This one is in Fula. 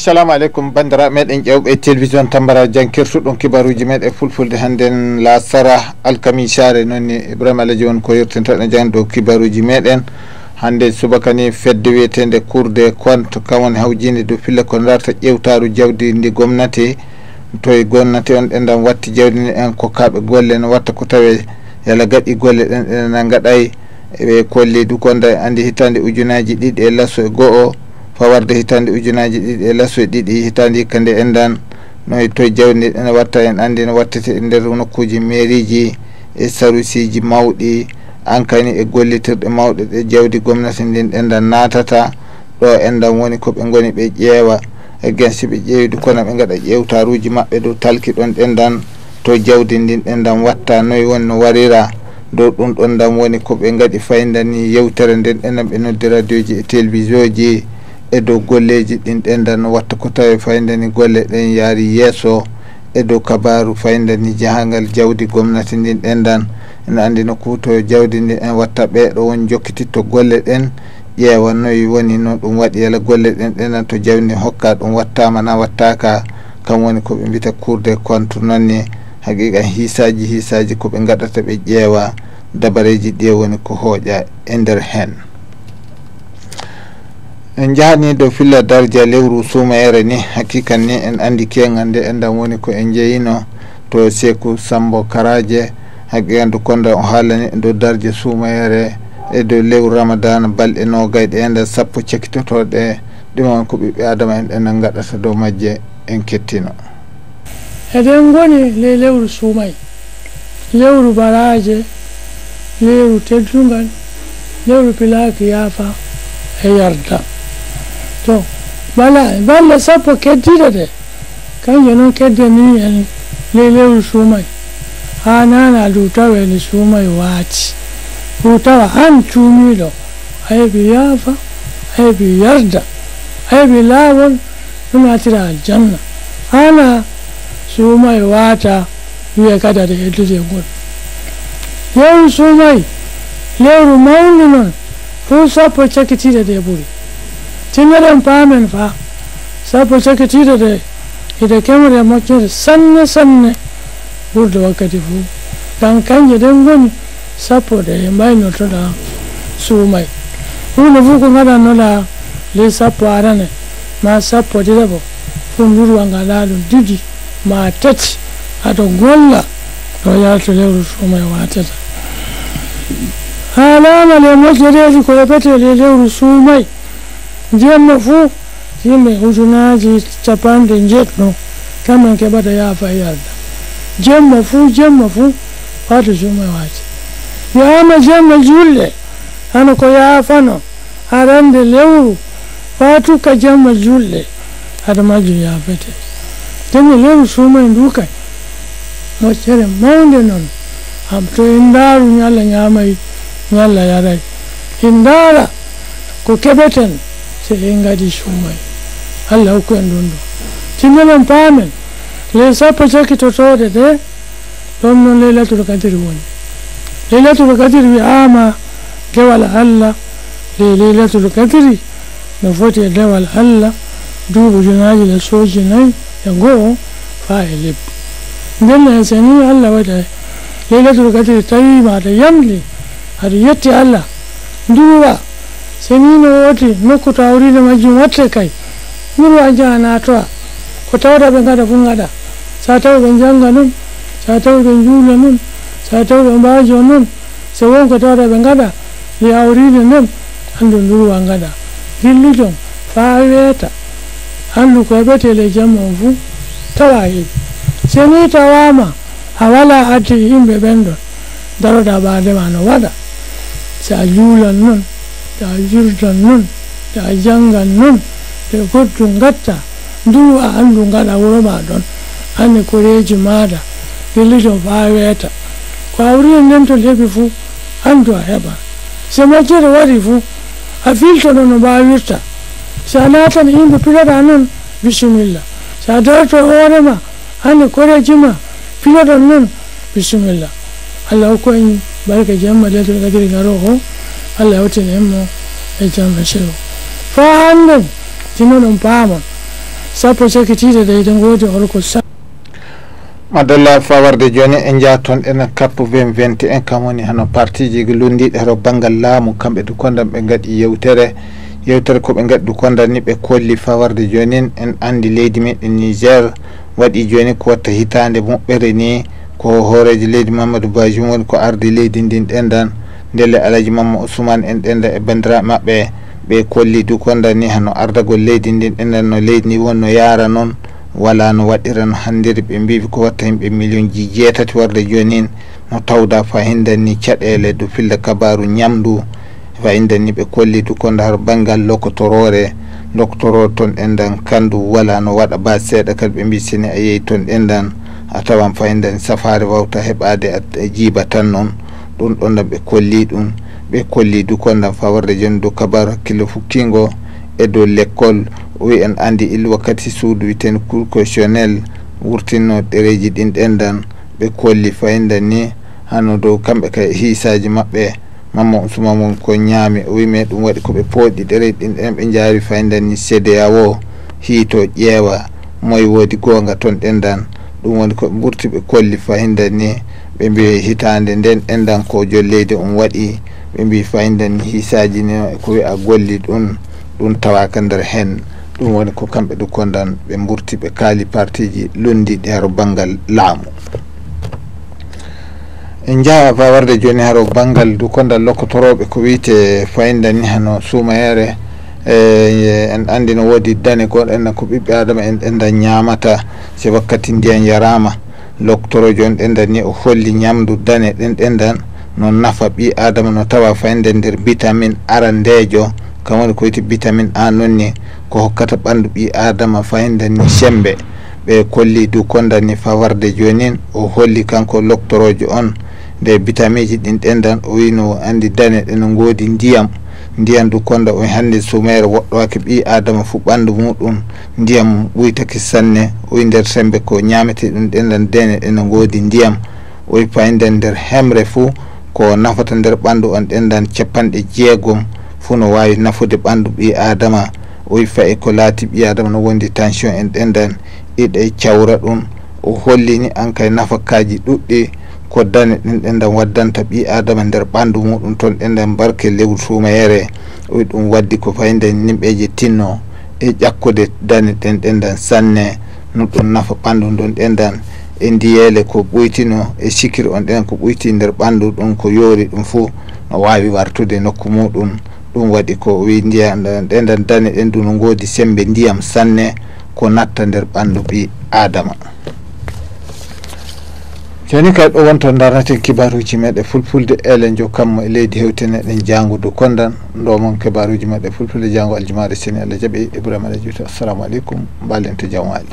assalamu aleykum bandira meɗen ƴewɓe télévision tambara jankirtuɗum kibaruji meɗe fulfulde hannden la sara alkami sare noonni ibrahima aladji won ko yertintoɗe e jan dow kibaruji meɗen hannde subakani fedde wiyetede cour de compte kamwoni hawjinde dow pille ko darta ƴewtaru jawdi ndi gomnati toye gomnati on ɗenɗan watti jawdi ɗen ko kaɓe golle no watta ko tawe yala gaɗi golle ɗen ɗenɗan gaɗay ɓe kolli du konda andi hitande ujunaji ɗiɗi e lasso e go o fawarde hitande ujunaji ɗiɗi e lasoe ɗiɗi hitande hikka nde endan noy to jawdi ene watta en andi ne wattete e nder nokkuji mairieji e sarusiji mawɗi ankani e gollitirɗe mawɗe ɗe jawdi gomnati ndin endan natata ɗo endan woni koɓe goni ɓe ƴeewa e gensi ɓe ƴeewdi kono ɓe gaɗa ƴewtaruji maɓɓe dow talki ɗon ɗendan to jawdi ndin ɗendan watta noyi woni no warira dow ɗum ɗon dan woni koɓe gaɗi fayidani yewtere nden ɗenan ɓe noddi radio ji e télévision ji e dow golleji ɗin ɗendan watta ko tawi fayndani golle ɗen yaari yesso e dow kabaru fayndani jahangal jawdi gomnati ndin ɗendan ene andi no kuutoyo jawdi ndi en watta ɓeeɗo won jokkititto golle ɗen ƴeewannoyi woni noon ɗum waɗi yala golle ɗen ɗenan to jawdi hokka ɗum wattama na wattaka kam woni koɓe mbita cour de compte noonni haqiqa hiisaji hiisaji koɓe gaɗata ɓe ƴeewa dabareji ɗiye woni ko hooƴa e nder hen en jahatni do filla dardia lewru sumayere ni hakkikat ni en andi kegande endan woni ko en jeeyino to seku sambo karaje haqiyandu konda o haalani do dardie sumayere e dow lewru ramadan balɗe nogayde ende sappo cekkitotoɗe ɗuman ko ɓiɓɓe adama en enen gaɗata dow majje en kettino eɗen goni ley lewru suumay lewru baraje lewru teddungal lewru pilaki yaafa e yarda to bala bala da de kan noon kedi ni en lele usumai ha nana dow tawa sumai suumay waati fo tawa an lo ai e bi yafa ai e bi yarda a heɓi laawol ɗum atira aljanna hana suumay waata wiye kada zai e heddude goɗɗo lewru lero lewru nan noon sapo cakiti da ɗe buri tingaden famen fa sabu sakaci da da ida kemre da sanne sanne burda wakati fu kan kanje den goni sapo da mai no to da su mai hulu fuku kun hada no la le sapo arane ma sabu di da bo fun ga lalun didi ma tati ato golla to ya to le su mai wa ta alama le mo jere ko pete le le su mai njemo fu sime ujunaji chapande njetno kama nkebata yafa yalda njemo fu njemo fu watu shumwe wachi yama njemo jule ano ko yafano arande lewru watu ka njemo jule ada maju yafete njemo lewru shumwe ndukai mocere maunde noon am to en ndaaru ñalla ñaamayi ñalla yaray en ndaara ko keɓeten sege ngadi shumai allah hukuendundu timmemen paamen ley sappo cakkitotoɗe ɗe ɗon noon leylatul kadiri woni leylatul kadiri wi'ama dewal allah ley leylatul kadiri no foti e dewal allah duuɓi ujunaji le sooji nayi e goho faa e lebbi ndenno e seni allah waɗa leylatul kadiri tawi maɗa yamli aɗa yetti allah nduwa semino woti ta to da majjum watte kay muru a jaha natowa ko tawda ɓe gaɗa fuu gaɗa sa taw ɓe janga noon sa taw ɓe juula nun sa taw ɓe mbajo noon so wonko tawda ɓe gaɗa yo awride nden andu ndurwa gaɗa dilli ton faa weeta andu koye ɓetele jamma on fuu tawa heɓi sani ta wama a wala addi yimɓe da ba a ɓaadema no waɗa sai a juulan nun. 야실전는 야장간는 대고 중갔다 누가 안 중가라고 말던 아니 고래지 마다 빌리좀 파외다 과우리는 냄도 레비후 안 좋아해봐 세마지로 와리후 아필토는 바위다 사나탄 인도 필요라는 비스밀라 사다토 오레마 아니 고래지마 필요라는 비스밀라 알라고 인 말까 잠마 제대로 가지고 가로고 allah hewtini hemmo e jamme ceo fa hande tino ɗum paama sappo e cekkitiide de de ngoodi holko madalla fawarde joni e jaton ɗen cap 2021 kam woni hano partie ji lundiɗe haɗo banggal laamu kamɓe du kondan ɓe gaɗi yewtere yewtere koɓe gaɗi du kondan ni ɓe kolli fawarde joni en andi leydi meɗen niger waɗi joni ko watta hitande moɓɓere ni ko hooreji leydi mamadou bajum woni ko ardi leydi ndin ɗen dan ndelle alaji mamma ousmane en ɗenda e bandiraɓe maɓɓe ɓe kolli dukonda ni hano ardagol leydi ndin ɗenɗan no leydi ndi wonno yara noon wala no waɗira no hanndiri ɓe mbiɓe ko watta himɓe million ji jeetati warde jonin no tawda fayindanni caɗele do filde kabaru ñamdu fayindanni ɓe kolli dukonda har banggal lokotorore doctorore toon ɗenɗan kandu wala no waɗa bas seeɗa kadi ɓe mbi sene a yeeyi toon ɗenɗan a tawan fayindani safari wawta heɓade a jiiba tan noon ɗum ɗon ɗam ɓe kolli ɗum ɓe kolli dukolɗam fawarde joni dow kabar hakkille fukkingo e dow l'école oyi en andi il wakkati suudu witen courcotionnel wurtinno ɗereji ɗin ɗendan ɓe kolli fayida ni hano dow kamɓe ka e hisaji maɓɓe mamma on suma mum ko ñaami o wimi ɗum waɗi koɓe pooɗɗi ɗereji ɗin ɗen ɓe jaari fayida ni cda o hiito ƴeewa moye woodi goonga ton ɗendan ɗum woni koɓe ɓurti ɓe kolli fayida ni ɓe mbi hitande nden endan kojo leydi on waɗi ɓe mbi fayden hisaji ne ko wi'a golli ɗum ɗum tawaka nder hen ɗum woni ko kamɓe ɗo kondan ɓe mburti ɓe kaali partiji lundi ɗi e haro banggal laamu en jaawa bawarde joni haro banggal du kondal lokkotoroɓe ko wiyte fayinda ni hano suumayere e, e en andi no woodi dane goɗo enna ko ɓiɓɓe adama en enda ñamata so wakkati ndiyan yarama loctorojo on ɗen dan ni o holli ñamdu dane ɗen ɗen dan no nafa ɓi adama no tawa fayde nder bitamine arandejo kamwoni koyti bitamine a non ni ko hokkata ɓandu ɓi adama fayden ni sembe ɓe kolli du kondan ni fawarde jonin o holli kanko loctorojo on nde bitamiji ɗin ɗen dan o wino andi dane ɗeno godi ndiyam ndiyam du konda omi hannde sumeere woɗɗowake ɓi adama fuu ɓanndu muɗum ndiyam ɓuytaki sanne oyi nder sembe ko ñaamete ɗum ɗenɗan dene ɗena goodi ndiyam oyi payinden nder hemre fuu ko nafata nder ɓanndu on ɗenɗan capanɗe jeegom fuu no waawi nafude ɓanndu ɓi adama oyi fayi ko laati ɓi adama no wondi tension en ɗenɗan ɗiɗa cawra ɗum o hollini an kay nafakaji ɗuɗɗi ko dane ɗin ɗenɗan waddanta ɓi adama nder ɓandu muɗum toon ɗenɗan barke lewru sumayere oyi ɗum waddi ko fayde yimɓeji tinno e ƴakkude dane ɗen ɗenɗan sanne no ɗum nafa ɓandu ɗon ɗenɗan e ndiyele ko ɓoytino e sikir on ɗen ko ɓoyti nder ɓandu ɗum ko yoori ɗum fo no wawi wartude nokku muɗum ɗum waɗi ko wi ndiyam ɗenɗan dane ɗen du no godi sembe ndiyam sanne ko natta nder ɓandu ɓi adama joni kay ɗo wonto darnate kibaruji meɗe fulfulde elen jo kammo e leydi hewtene eɗen jango dow kondan ɗo mon kibaruji meɗe fulfulde jango aljumaɗe sini allah jaaɓi ibrahima ala juuta assalamu aleykum mbalen to jaam waali